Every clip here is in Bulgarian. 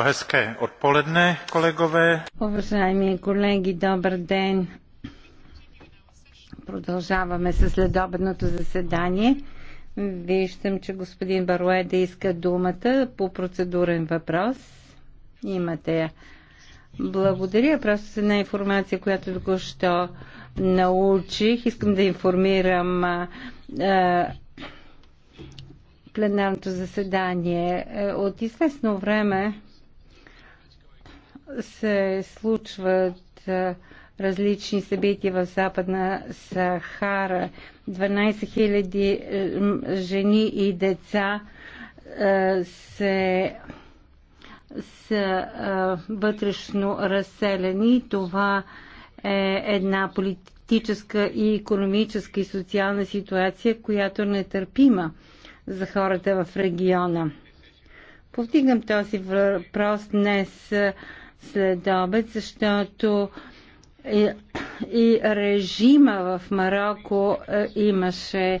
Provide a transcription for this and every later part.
hezké odpoledne, kolegové. Уважаеми колеги, добър ден. Продължаваме с следобедното заседание. Виждам, че господин да иска думата по процедурен въпрос. Имате я. Благодаря. Просто с една информация, която току-що научих. Искам да информирам а, а, пленарното заседание. Е, от известно време се случват различни събития в Западна Сахара. 12 000 е, жени и деца се са вътрешно разселени. Това е една политическа и економическа и социална ситуация, която не нетърпима за хората в региона. Повдигам този въпрос днес след обед, защото и, и режима в Марокко е, имаше е,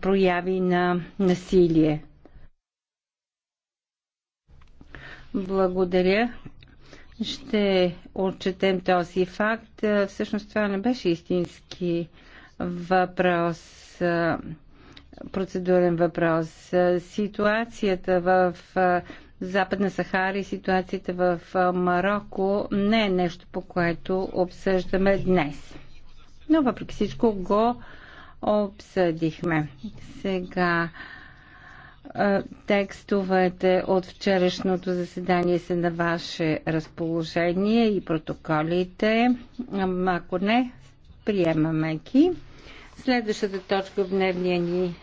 прояви на насилие. Благодаря. Ще отчетем този факт. Е, всъщност това не беше истински въпрос, процедурен въпрос. Ситуацията в Западна Сахара и ситуацията в Марокко не е нещо, по което обсъждаме днес. Но въпреки всичко го обсъдихме. Сега текстовете от вчерашното заседание са на ваше разположение и протоколите. Ако не, приемаме ги. Следващата точка в дневния ни